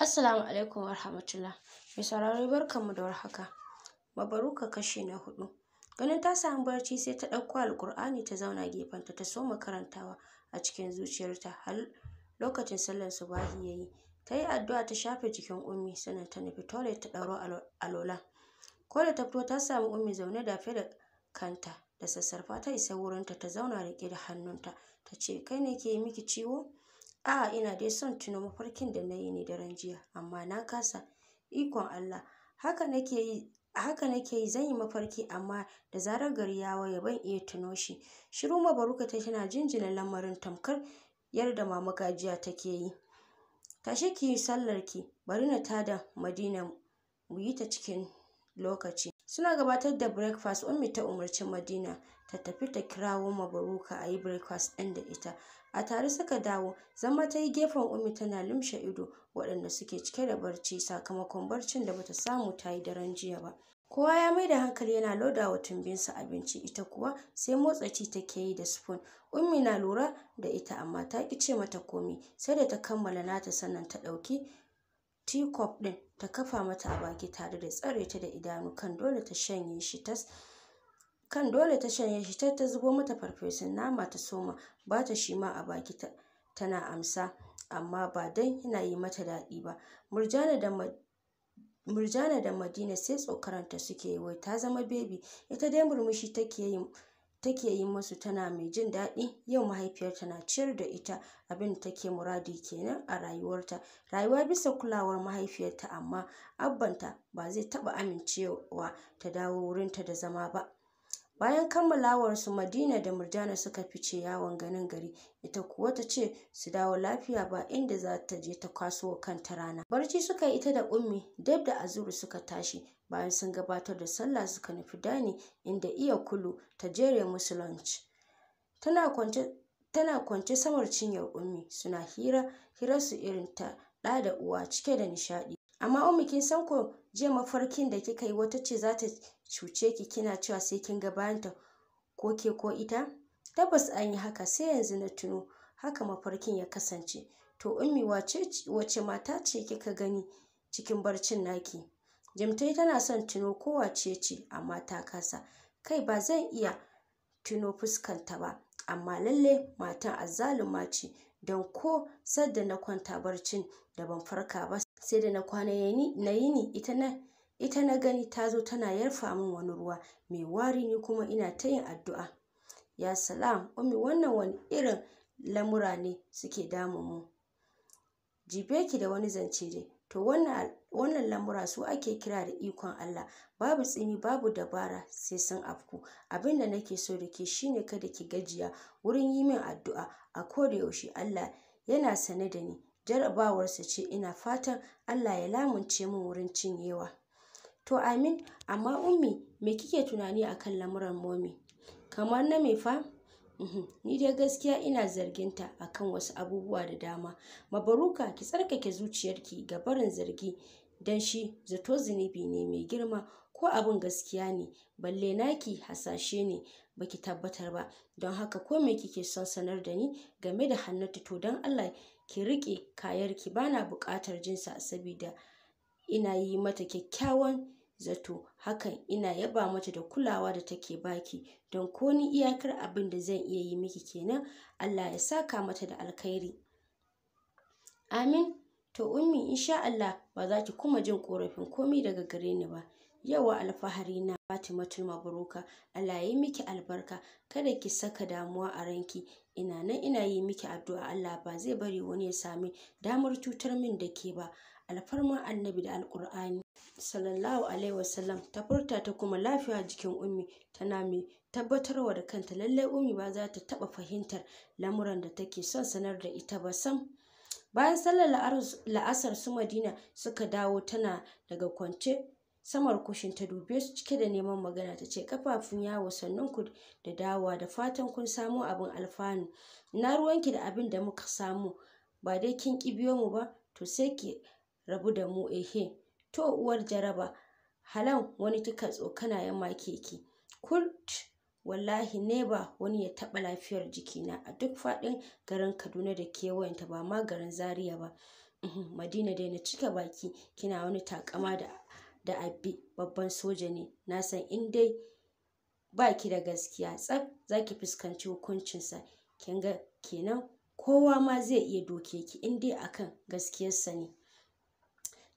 Assalamu alaikum warahmatullah. Mai sauraro barkanmu da warhaka. Mabaruka kashi na hudu. Ganin ta samu barci sai ta ɗauko Alƙur'ani ta zauna gefenta ta so soma karantawa a cikin zuciyarta har lokacin sallar subahi yayi. Ta yi addu'a ta shafe jikin Ummi sannan ta nufi toilet ta ɗauro alola. Ko da ta fito ta samu Ummi zaune dafe da kanta da sassarfa ta isa wurinta ta zauna riƙe da hannunta ta ce kai ne ke miki ciwo? A'a ina dai son tuna mafarkin da na yi ne daren jiya amma na kasa. Ikon Allah, haka nake yi, haka nake yi. Zan yi mafarki amma da zarar gari ya waye ban iya tuno shi. Shiru Mabaruka ta tana jinjina lamarin tamkar yarda mama Gajiya take yi. Tashi ki yi ki bari na tada Madina mu yi ta cikin lokaci. Suna gabatar da breakfast Ummi ta umarci Madina ta tafi ta kirawo mabaruka a yi breakfast ɗin da ita a tare suka dawo zama ta yi gefen umi tana lumshe ido waɗanda suke cike da barci sakamakon barcin da bata samu ta yi daren jiya ba kowa ya mai da hankali yana loda wa tumbinsa abinci ita kuwa sai motsa ci take yi da spoon ummi na lura da ita amma ta ƙi ce mata komi sai da ta kammala nata sannan ta ɗauki teacup ɗin ta kafa mata a baki tare da tsare ta da idanu kan dole ta shanye shi tas kan dole ta shanye shi ta zubo mata farfesun nama ta soma ba ta shi ma a baki tana amsa amma ba dan yana yi mata daɗi ba murjana da murjana da madina sai tsokaranta suke yi wai ta zama bebi ita dai murmushi take yi take yi masu tana mai jin daɗi yau mahaifiyarta na ciyar da ita abin take muradi kenan a rayuwarta rayuwa bisa kulawar mahaifiyarta amma abbanta ba zai taɓa amincewa ta dawo wurinta da zama ba Bayan kammalawarsu, Madina da Murjana suka fice yawon ganin gari, ita kuwa ta ce su dawo lafiya ba inda za ta je ta kwaso kanta rana. Barci suka yi ita da Ummi, dab da azuru suka tashi. Bayan sun gabatar da sallah suka nufi dani inda iya kulu ta jere musu lunch. Tana kwance samar cinyar Ummi suna hira hirarsu irin ta ɗa da uwa cike da nishaɗi. Amma Ummi kin san ko jiya mafarkin da kika yi wata ce za ta cuce ki kina cewa sai kin gabanta ko ke ko ita tabbas an yi haka sai yanzu na tuno haka mafarkin ya kasance to ummi wace mata ce kika gani cikin barcin naki jimtai tana son tuno ko wace ce amma ta kasa kai ba zan iya tuno fuskanta ba amma lalle matan azzaluma ce don ko sadda na kwanta barcin da ban farka ba sai da na kwana na yini ita na ita na gani ta zo tana yarfa min wani ruwa mai wari ni kuma ina ta yin addu'a ya salam ummi wannan wani irin lamura ne suke damun mu jibe ki da wani zance dai to wannan lamura su ake kira da ikon Allah babu tsini babu dabara sai sun afku abin da nake so da ke shine kada ki gajiya wurin yi min addu'a a koda yaushe Allah yana sane da ni jarabawar sa ce ina fatan Allah ya lamunce min wurin cinyewa To Amin, amma Ummi me kike tunani akan lamuran Momi? Kamar na me fa? Uhm, ni dai gaskiya ina zargin zarginta akan wasu abubuwa da dama. Mabaruka ki tsarkake zuciyarki ga barin zargi don shi zato zunubi ne mai girma ko abin gaskiya ne balle naki hasashe ne baki tabbatar ba don haka ko me kike son sanar da ni game da Hannatu to don Allah ki riƙe kayarki bana buƙatar jinsa sabida ina yi mata kyakkyawan zato hakan ina yaba mata da kulawa da take baki don ko ni iyakar abin da zan iya yi miki kenan Allah ya saka mata da alkhairi amin to ummi insha Allah ba za ki kuma jin korafin komai daga gare ni ba yawa alfahari na fatima Fatimatul Mabruka Allah ya yi miki albarka kada ki saka damuwa a ranki ina nan ina yi miki addu'a Allah ba zai bari wani ya sami damar cutar min da ke ba alfarma annabi da alkur'ani sallallahu alaihi wasallam ta furta ta kuma lafiya jikin ummi tana mai tabbatarwa da kanta lallai ummi ba za ta taɓa fahimtar lamuran da take son sanar da ita ba sam bayan sallar la'asar su madina suka dawo tana daga kwance samar kushin ta dube su cike da neman magana ta ce kafafun yawo sannan ku da dawa da fatan kun samu abin alfanu na ruwanki da abin da muka samu ba dai kin kibiyo mu ba to sai ki rabu da mu ehe to uwar jaraba halan wani kika tsokana ya make ki kult wallahi ne ba wani ya taɓa lafiyar jikina a duk faɗin garin kaduna da kewayenta ba ma garin zaria ba uhm, madina dai na cika baki kina wani takama da da abbi babban soja ne na san in dai baki da gaskiya tsaf zaki fuskanci hukuncinsa kin ga kenan kowa ma zai iya doke ki in dai akan gaskiyarsa ne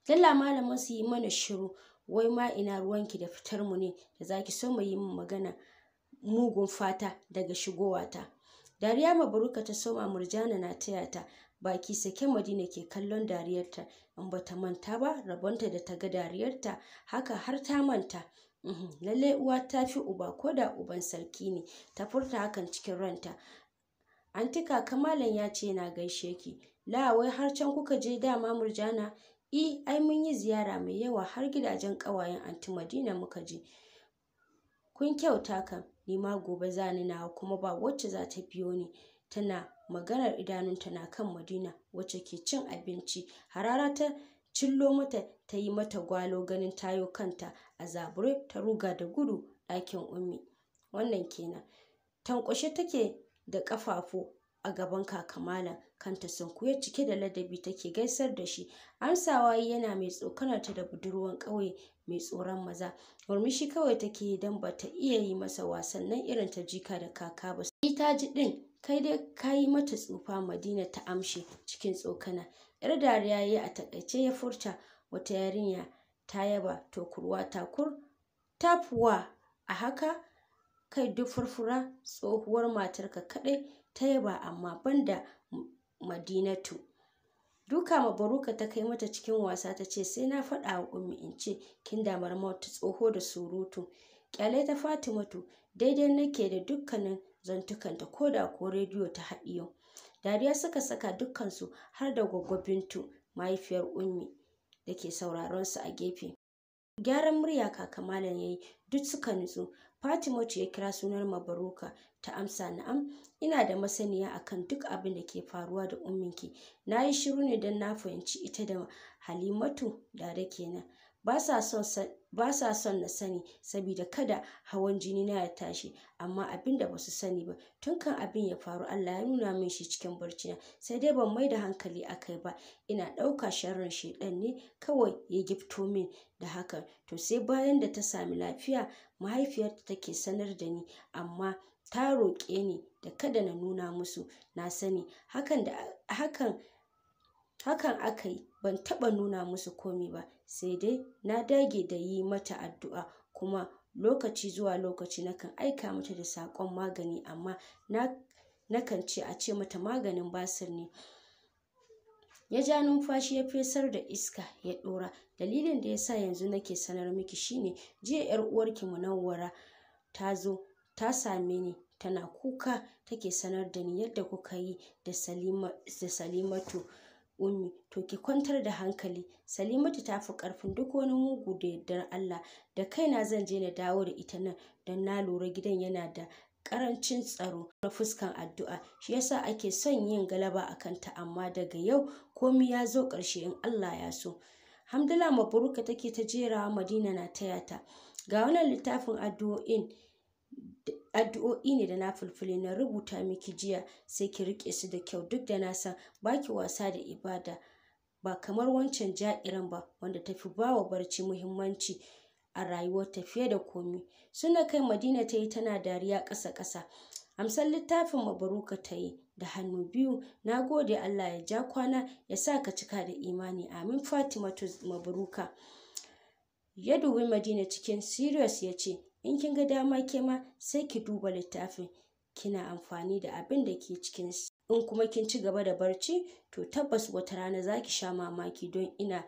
Talla malaman su yi mana shiru wai ma ina ruwanki da fitar mu ne da zaki so mu yi magana mugun fata daga shigowa ta? Dariya mabaruka ta soma murjana na taya ta baki sake madina ke kallon dariyarta in bata manta ba rabonta da ta ga dariyarta haka har ta manta. Uhm, lalle uwa ta fi uba ko da uban sarki ne ta furta hakan cikin ranta. Anti kaka malam ya ce na gaishe ki. La wai har can kuka je dama murjana E, ai mun yi ziyara mai yawa har gidajen ƙawayen Anti Madina muka je. Kun kyauta kan, ni ma gobe za ni nawa kuma ba wacce za ta biyo ni. Tana maganar idanunta na kan Madina wacce ke cin abinci. Harara ta cillo mata ta yi mata gwalo ganin tayo kanta a zabure ta ruga da gudu ɗakin ummi. Wannan kenan. Tankwashe take da ƙafafu a gaban kaka malam kanta sunkuye cike da ladabi take gaisar da shi amsawa yana mai tsokana ta da budurwan ƙauye mai tsoron maza murmushi kawai take yi don ta iya yi masa wasan nan irin ta jika da kaka ba ita ji din kai dai ka yi mata tsufa madina ta amshe cikin tsokana yar dariya ya a takaice ya furta wata yarinya ta yaba to kurwa takur tafuwa a haka kai duk furfura tsohuwar matarka kaɗai ta yaba amma banda Madinatu. Duka ma ta kai mata cikin wasa ta ce sai na faɗa wa ummi in ce kin damar mata tsoho da surutu. Kyale ta Fatimatu daidai nake da dukkanin zantukanta ko da ko rediyo ta haɗi yau? Dariya suka saka dukkansu har da Gwaggo Bintu mahaifiyar ummi da ke sauraron su a gefe. Gyaran murya kaka malam yayi duk suka nutsu Fatima ce ya kira sunar Mabaruka ta amsa na'am ina da masaniya akan duk abin da ke faruwa da umminki. Na yi shiru ne don na fahimci ita da Halimatu da kenan. Ba sa son na sani saboda kada hawan jini na ya tashi amma abin da su sani ba tun kan abin ya faru Allah ya nuna min shi cikin barcina sai dai ban mai da hankali a kai ba ina ɗauka sharrin shedan ne kawai ya gifto min da haka to sai bayan da ta sami lafiya mahaifiyarta take sanar da ni amma ta roƙe ni da kada na nuna musu na sani hakan da aka yi ban taɓa nuna musu komi ba sai dai na dage da yi mata addu'a kuma lokaci zuwa lokaci nakan aika mata da saƙon magani amma na nakan ce a ce mata maganin basir ne ya ja numfashi ya fesar da iska ya ɗora dalilin da ya sa yanzu nake sanar miki shine jiya yar uwarki munawwara ta zo ta same ni tana kuka take sanar da ni yadda kuka yi da da salimatu ummi to ki kwantar da hankali salimatu ta fi karfin duk wani mugu da yardar allah da kaina zan je na dawo da ita nan don na lura gidan yana da karancin tsaro na fuskan addu'a shi yasa ake son yin galaba a kanta amma daga yau komi ya zo ƙarshe in Allah ya so hamdala mabaruka take ta jerawa madina na taya ta ga wannan littafin addu'o'i ne da na fulfule na rubuta miki jiya sai ki rike su da kyau duk da na san baki wasa da ibada ba kamar wancan ja'iran ba wanda tafi bawa barci muhimmanci a ta fiye da komi suna kai madina ta yi tana dariya ƙasa ƙasa amsar littafin mabaruka ta yi da hannu biyu na gode Allah ya ja kwana ya sa ka cika da imani amin fatima fatimatu mabruka ya dubi madina cikin serious ya ce in kin ga dama ke ma sai ki duba littafin kina amfani da abin da ke cikin in kuma kin ci gaba da barci to tabbas wata rana zaki sha mamaki don ina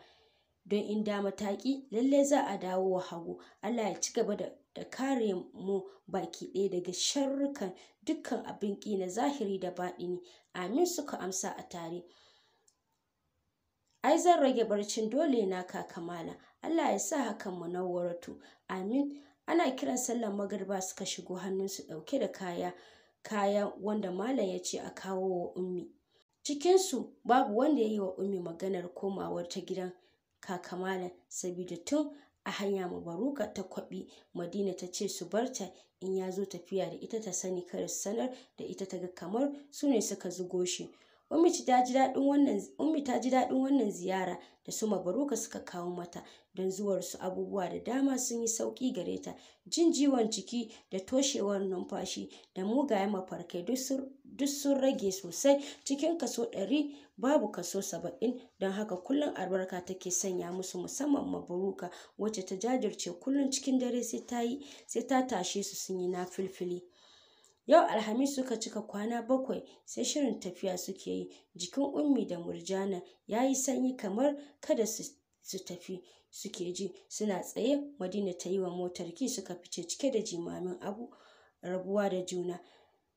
don in da mataki lallai za a dawo wa hagu Allah ya ci gaba da kare mu baki ɗaya daga sharrukan dukkan abin ƙi na zahiri da baɗini amin suka amsa a tare ai zan rage barcin dole na kakamala Allah ya sa hakan munawwaratu amin ana kiran sallar magarba suka shigo hannunsu ɗauke da kaya kaya wanda malam ya ce a kawo wa ummi cikinsu babu wanda ya yi wa ummi maganar komawar ta gidan kakamala kamala sabida tun a hanya mabaruka ta kwaɓi madina ta ce su barta in ya zo tafiya da ita ta sani kada su sanar da ita ta ga kamar su ne suka zugo shi Ummi ta ji daɗin wannan ziyara da su Mabaruka suka kawo mata don zuwarsu abubuwa da dama sun yi sauki gare ta. Jin jiwon ciki da toshewar numfashi da mugayen mafarkai duk sun rage sosai cikin kaso ɗari babu kaso saba'in don haka kullum albarka take sanya musu musamman Mabaruka wacce ta jajirce kullum cikin dare sai ta tashe su sun yi na filfili. Yau Alhamis suka cika kwana bakwai sai shirin tafiya suke yi. Jikin Ummi da Murjana ya yi sanyi kamar kada su, tafi suke ji. Suna tsaye Madina ta yi wa motar ki suka fice cike da jimamin abu rabuwa da juna.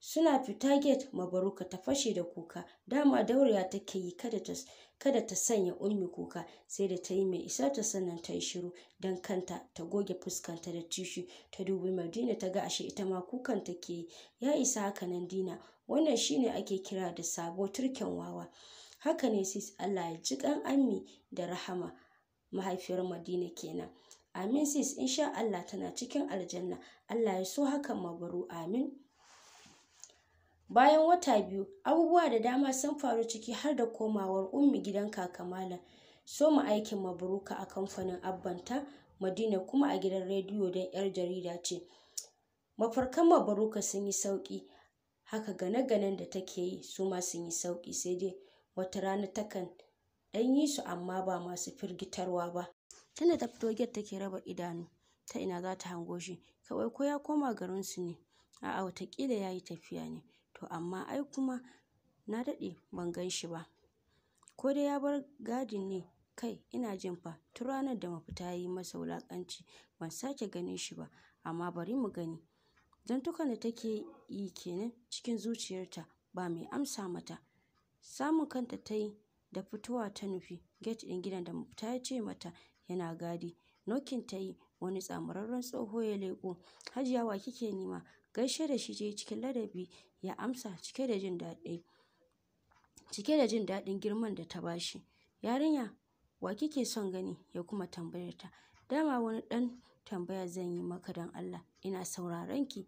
Suna fita gate mabaruka ta fashe da kuka, dama dauriya take yi kada ta kada ta sanya ummi kuka sai da ta yi mai isa ta sannan ta yi shiru don kanta ta goge fuskanta da tishu ta dubi madina ta ga ashe ita ma kukan take yi ya isa haka nan dina wannan shine ake kira da sabo turken wawa haka ne sis allah ya ji kan ammi da rahama mahaifiyar madina kenan amin sis insha allah tana cikin aljanna allah ya so hakan mabaru amin Bayan wata biyu, abubuwa da dama sun faru ciki har da komawar Ummi gidan Kaka Malam, soma aikin maburuka a kamfanin abbanta Madina kuma a gidan rediyo don 'yar jarida ce. Mafarkan maburuka sun yi sauƙi, haka gane-ganen da take yi su ma sun yi sauƙi sai dai wata rana takan ɗan yi su amma ba masu firgitarwa ba. tana ta fito take raba idanu, ta ina za ta hango shi, kawai ko ya koma garinsu ne, a'a watakila ya yi tafiya ne. To amma ai kuma na daɗe ban gan shi ba. Ko dai ya bar gadin ne kai ina jin fa tun ranar da mafita ya yi masa wulakanci ban sake ganin shi ba amma bari mu gani. Zantukan da take yi kenan cikin zuciyarta ba mai amsa mata. Samun kanta ta yi da fitowa ta nufi gate ɗin gidan da mafita ya ce mata yana gadi. Knocking ta yi wani tsamararren tsoho ya leƙo. Hajiya wa kike nema? Gaishe da shi je cikin ladabi ya amsa cike da jin daɗi. Cike da jin daɗin girman da ta bashi. Yarinya wa kike son gani? Ya kuma tambayarta ta. Dama wani ɗan tambaya zan yi maka don Allah ina sauraron ki.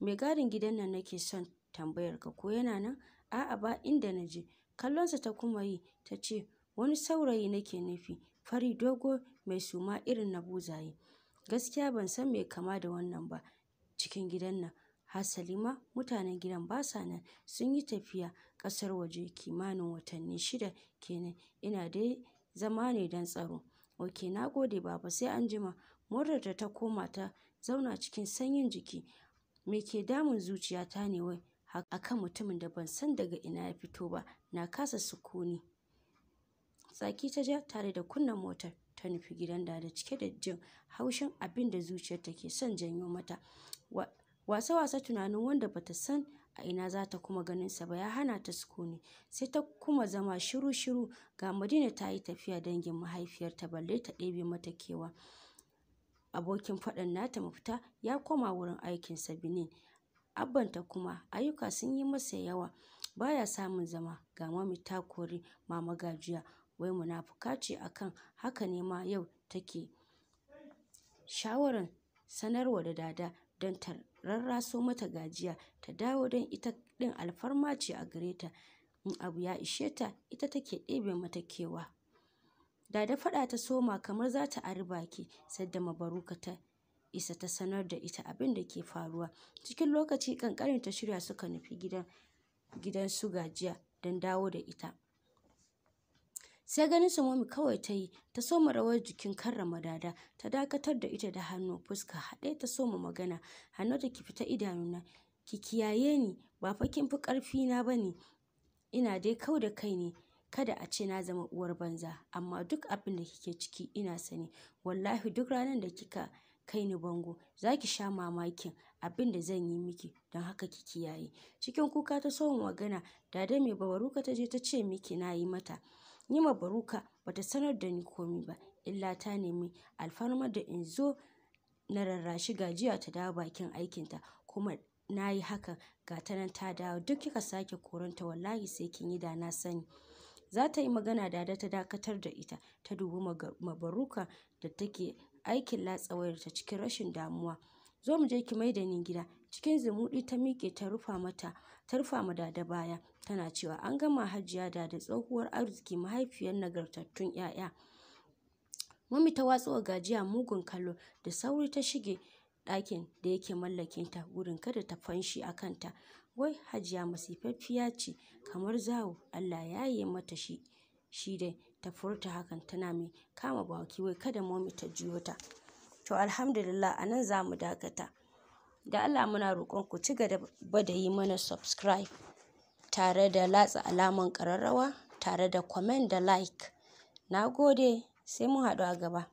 Mai gadin gidan nan nake son tambayar ka ko yana nan? A'a ba inda na je Kallonsa ta kuma yi ta ce wani saurayi nake nufi fari dogo mai suma irin na buzaye. Gaskiya ban san mai kama da wannan ba. cikin gidan nan hasali ma mutanen gidan ba sa nan sun yi tafiya ƙasar waje kimanin watanni shida kenan ina dai zama ne don tsaro oke na gode baba sai an jima murar ta koma ta zauna cikin sanyin jiki me ke damun zuciyata ne wai akan mutumin da ban san daga ina ya fito ba na kasa sukuni tsaki ta ja tare da kunna motar ta nufi gidan da da cike da jin haushin abin da ta ke son janyo mata wasa-wasa tunanin wanda bata san a ina za ta kuma ganinsa ba ya hana ta sukuni sai ta kuma zama shiru-shiru ga madina ta yi tafiya dangin mahaifiyarta balle ta ɗebe mata kewa abokin faɗan nata mafita ya koma wurin aikin aikinsa benin abbanta kuma ayyuka sun yi masa yawa baya samun zama ga mami ta kori mama gajiya wai munafuka ce akan haka ne ma yau take shawaran sanarwa da dada don ta rarraso mata gajiya ta dawo don ita ɗin alfarma ce a gare ta in abu ya ishe ta ita take ɗebe mata kewa da da faɗa ta soma kamar za ta ari baki sadda mabaruka ta isa ta sanar da ita abin da ke faruwa cikin lokaci kankarin ta shirya suka nufi gidan gidan su gajiya don dawo da ita sai ganin su kawai ta yi ta soma rawar jikin karrama dada ta dakatar da ita da hannu fuska haɗe ta soma magana hannu ta ki fita idanuna ki kiyaye ni ba fa kin fi ƙarfi na ba ne ina dai kau da kai ne kada a ce na zama uwar banza amma duk abin da kike ciki ina sani wallahi duk ranar da kika kai ni bango za ki sha mamakin abin da zan yi miki don haka ki kiyaye cikin kuka ta soma magana dada mai bawaruka ta je ta ce miki na yi mata yi ma Baruka bata sanar da ni komi ba, illa ta nemi alfarma da in zo na rarrashi gajiya ta dawo bakin aikinta kuma na yi hakan ga ta nan ta dawo duk kika sake koranta wallahi sai kin yi da na sani. Za ta yi magana da da ta dakatar da ita ta dubi Mabaruka da take aikin latsawar ta cikin rashin damuwa. Zo mu je ki mai da ni gida. Cikin zumuɗi ta miƙe ta rufa mata ta rufa da da baya tana cewa an gama Hajiya da da tsohuwar arziki mahaifiyar nagartattun 'ya'ya. Mummy ta watso gajiya mugun kallo da sauri ta shige ɗakin da yake ta gurin kada ta fanshi a kanta. Wai Hajiya masifaffiya ce kamar zawo Allah ya yi mata shi shi dai ta furta hakan tana mai kama baki wai kada momi ta juyo ta. To alhamdulillah a nan za mu dakata. da Allah muna roƙon ku ci gaba da yi mana subscribe tare da latsa alaman ƙararrawa tare da comment da like na gode sai mun haɗu a gaba